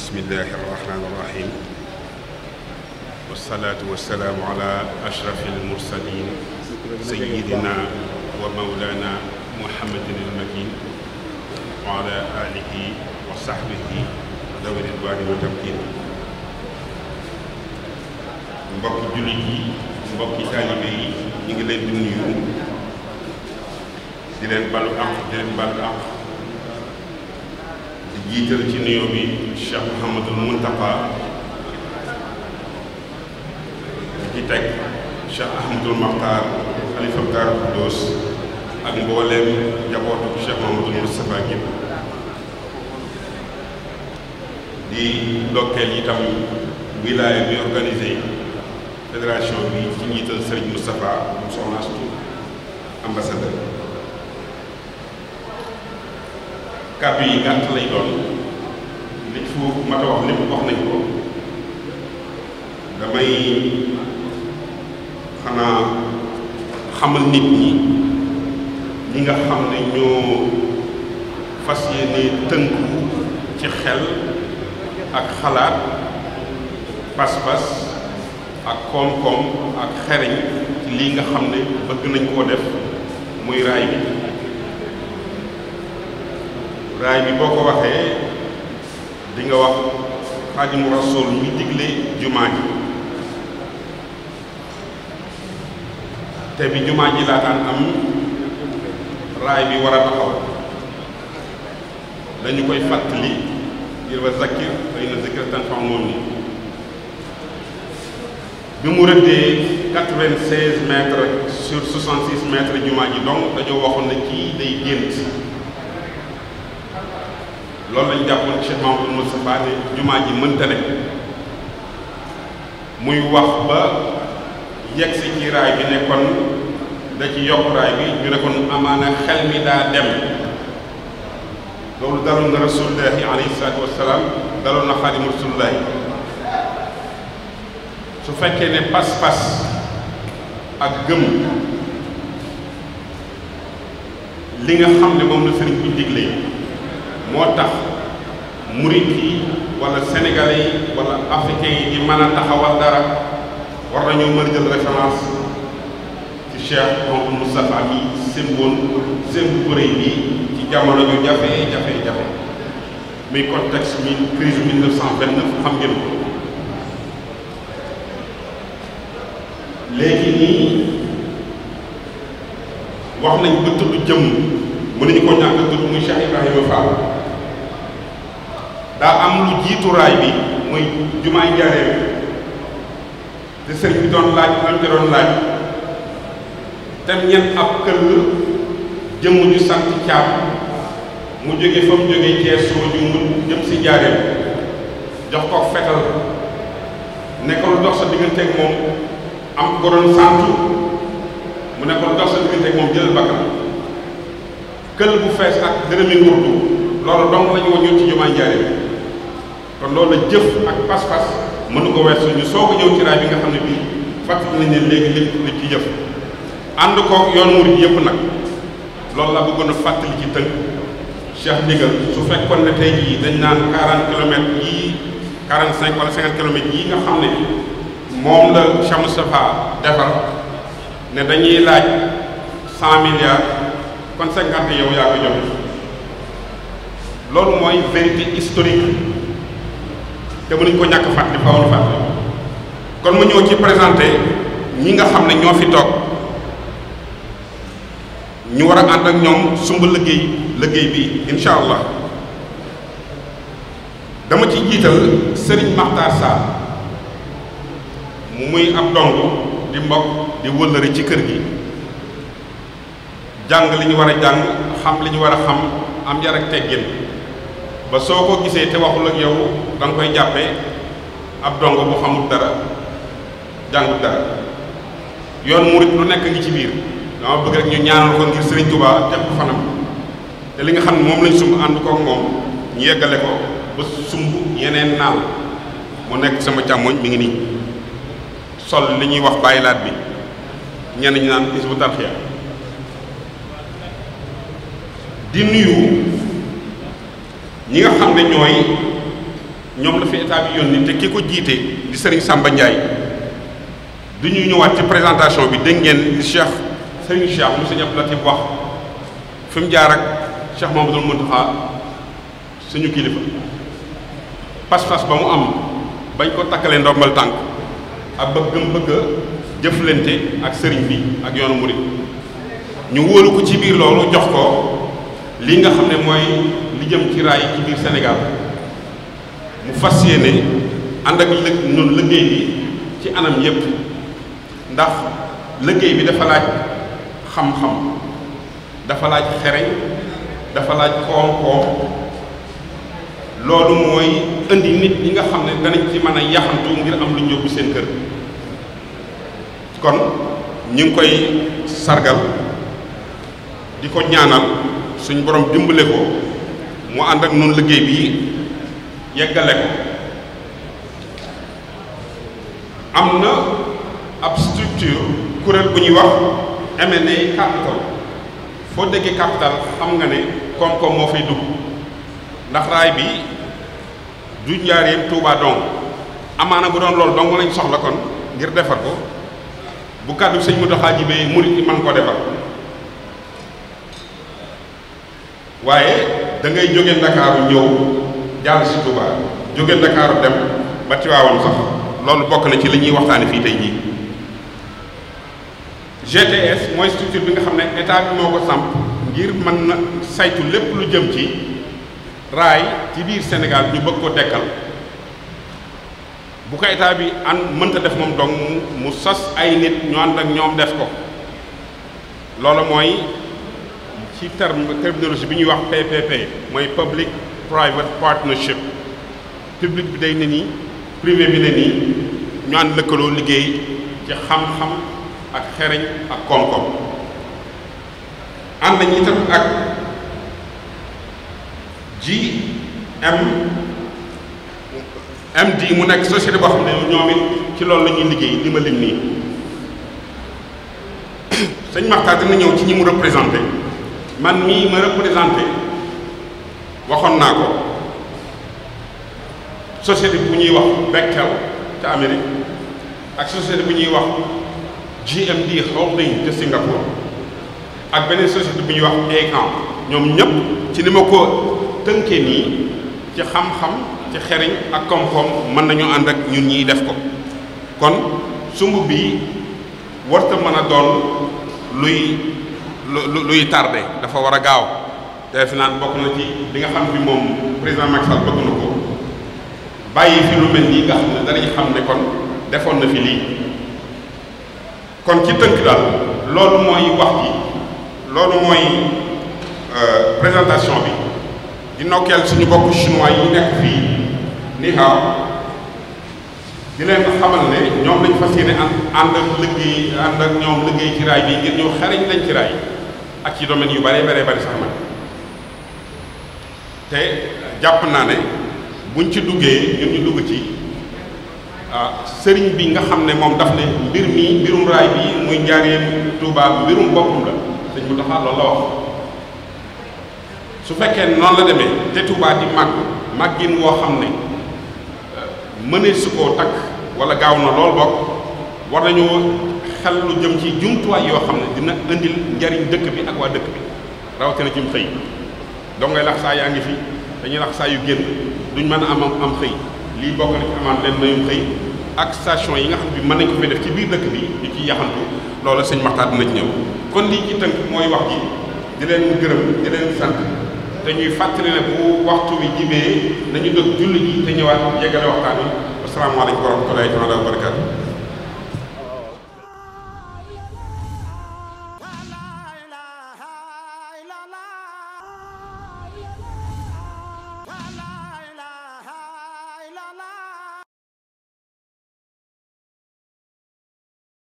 بسم الله الرحمن الرحيم والصلاة والسلام على أشرف المرسلين سيدنا ومولانا محمد المكين وعلى آله وصحبه ذوي الرضوان والتمكين مبكي jullit مبكي تالبي taalibe yi ñu ngi leen di jiital ci nuyoo bi Cheikh Mouhamadul Mountakha di ci Ahmadul Makhtar xalifa Daaru Xuddoos ak mbooleem njabootu Cheikh Mouhamadul Moustapha gépp di ndokkeel itam wilaaya bi organisé fédération bi ci njiital Serigne Moustapha mu soxna Astou ambassadeur kàddu yi gàtt lay doon nit fu mat a wax lépp wax nañ ko damay xanaa xamal nit ñi ñi nga xam ne ñoo fas yéene tënku ci xel ak xalaat pas-pas ak koom-koom ak xereñ ci nga xam ne bëgg nañ koo def muy raay bi raay bi boo ko waxee di nga wax xaadimu rasul mi digle jumaa ji te bi jumaa ji laataan am raay bi war a taxaw dañu koy fàttali ngir wa zakkir fa inna zikra tanfa'u bi mu rëddee quatre sur soixante jumaa ji donc dañoo waxoon ne kii day gént loolu lañ jàppoon Cheikh Mamadou Moustapha ne jumaa ji mënta si ci raay bi nekkoon da ci yokk raay daa dem loolu daloon na rasulullahi alayhi salaatu wasalaam su fekkee ne pas-pas ak gëm li nga xam ne moom la sëriñ bu digle motax tax yi wala sénégalais yi wala africain yi di mëna taxawal dara war nañu mën jël référence ci cheikh moom moustapha mi sembon seen bu rëy bi ci jamono ju jafé jafé jafé muy contexte mi crise 1929 xam ngeen ko légui ni wax nañ ba tudd jëmm mënuñu ko ñàkk tuddu muy cheikh ibrahima fall daa am lu jiitu raay bi muy jumaay njareem te sëriñ bi doon laaj am te doon laaj tem ñen ab këll jëmm ju sant caab mu jóge fa mu jóge cees sooju mu jëm si njaareem jox ko fetal ne ko lu dox sa diggante ak moom am ko doon santu mu ne dox sa diggante moom jëlal bakkan këll bu fees ak dërëmi ngurdu loolu dong lañu wañu ci jumaa njaareem kon loolu la jëf ak pas-pas mënu ko weesu ñu soo ko ñëw ci raay bi nga xam ne bi fàttali nañ ne léegi lépp lañ ci jëf ànd koog yoon murid yëpp nag loolu la bëggoon a fàttali ci tënk Cheikh Ndigal su fekkoon ne tey jii dañ naan 40 kilomètres yii 45 wala 50 yi nga xam ne moom la Cheikh Moustapha defar ne dañuy laaj 100 milliards kon 50 yow yaa ko joxe loolu mooy vérité historique. te mënuñ ko ñàkk fàtte faaw ñu fàtte kon mu ñëw ci présenté ñi nga xam ne ñoo fi toog ñu war a ànd ak ñoom sumb liggéey liggéey bi incha allah dama ci jiital Serigne Makhtar Sarr muy ab dong di mbokk di wëllëri ci kër gi jàng li ñu war a jàng xam li ñu war a xam am yar ak ba soko gisee te waxul ak yow dang koy jappé ab dongo bu xamul dara jangul dara yoon mourid lu nek ngi ci bir dama bëgg rek ñu ñaanal ko ngir serigne touba teg ko fanam te li nga xam mom lañ lañ and ko ak mom ñu yeggale ko ba sumbu yeneen naaw mu nek sama mi ngi ni sol li ñuy wax bayilat bi ñen ñi naan is tarxiya di nuyu ñi nga xam ne ñooy ñoom la fi état bi yónni te ki ko jiite di Serigne Samba Ndiaye du ñu ñëwaat ci présentation bi dégg ngeen li Cheikh Serigne Cheikh mu Serigne Abdou Latif wax fi mu jaar ak Cheikh Mamadou Mountakha suñu kilifa pas-pas ba mu am bañ ko takkalee ndombal tànk ak bëggam bëgg jëflante ak sëriñ bi ak yoonu murid ñu wóolu ko ci biir loolu jox ko. lii nga xam ne mooy li jëm ci raay ci biir Sénégal mu fas yéene ànd ak lëg noonu liggéey bi ci anam yépp ndax liggéey bi dafa laaj xam-xam dafa laaj xereñ dafa laaj koom-koom loolu mooy indi nit ñi nga xam ne danañ ci mën a yaxantu ngir am lu ñu seen kër kon ñu ngi koy sargal di ko ñaanal suñu boroom dimbale ko mu ànd ak noonu liggéey bi yeggale ko am na ab structure kuréel bu ñuy wax M&A capital foo déggee capital xam nga ne koom-koom moo fay dugg ndax raay bi du njaareem Touba dong amaana bu doon loolu dong lañ soxla kon ngir defar ko bu kàddu sëñ Mountakha jibee murit yi mën ko defar waaye dangay jóge ndakaaru ñëw jàll si Touba jóge ndakaaru dem ba Tiwaawan sax loolu bokk na ci li ñuy waxtaane fii tey jii GTS mooy structure bi nga xam ne état bi moo ko samp ngir mën na saytu lépp lu jëm ci raay ci biir Sénégal ñu bëgg ko dekkal bu ko état bi ànd mënta def moom dong mu sas ay nit ñu ànd ak ñoom def ko loolu mooy ci terme terminologie bi ñuy wax PPP mooy public private partnership public bi day ne nii privé bi ne nii ñu ànd lëkkaloo liggéey ci xam-xam ak xereñ ak koom-koom ànd nañ itam ak GMD mu nekk société boo xam ne ñoom ci loolu lañuy liggéey li ma lim nii sëñ Maxtaar dina ñëw ci ñi mu représenté man mii ma représenté waxoon naa ko société bu ñuy wax Bechtel ca Amérique ak société bu ñuy wax GMD Holding ca Singapour ak beneen société bu ñuy wax Aecon ñoom ñépp ci ni ma ko tënkee nii ci xam-xam ci xeriñ ak koom-koom mën nañu ànd ak ñun ñiy def ko kon sumb bii warta mën a doon luy lu luy tardé dafa war a gaaw te fi bokk na ci li nga xam ni moom président Macky Sall bëgg na ko bàyyi fi lu kon na fi lii ci tënk daal loolu mooy wax ji loolu mooy euh, présentation bi di nokkeel suñu bokk chinois yi nekk fii ni haaw di leen xamal ne ñoom lañ fas yéene ànd ànd ak liggéey ànd ak ñoom liggéey ci raay bi ngir ñu xariñ lañ ci raay ak ci domaine yu bëree bëree bëri sax nag te jàpp naa ne buñ ci duggee ñun ñu dugg ci ah sëriñ bi nga xam ne moom daf ne mbir mi mbirum raay bi muy njaareem Tuubaa mbirum boppam la sëñ mu taxaa loolu la wax su fekkee noonu la demee te Tuubaa di màgg màggin woo xam ne eh, mënee su koo takk wala gaaw na lool bokk war nañoo xel lu jëm ci jumtuwaay yoo xam ne dina indil njariñ dëkk bi ak waa dëkk bi rawatina ci xëy donc ngay lax saa yaa ngi fi dañuy lax saa yu génn duñ mën a am am xëy lii bokk na ci amaan leen nayum xëy ak station yi nga xam bi mën nañ ko fay def ci biir dëkk bi ñu ci yaxantu loola sëñ Maxtaar dina ci ñëw kon lii ci mooy wax ji di leen gërëm di leen sant te ñuy fàttali ne bu waxtu bi jibee nañu dëkk julli ji te ñëwaat yegale waxtaan bi asalaamaaleykum wa rahmatullahi taala wa barakatu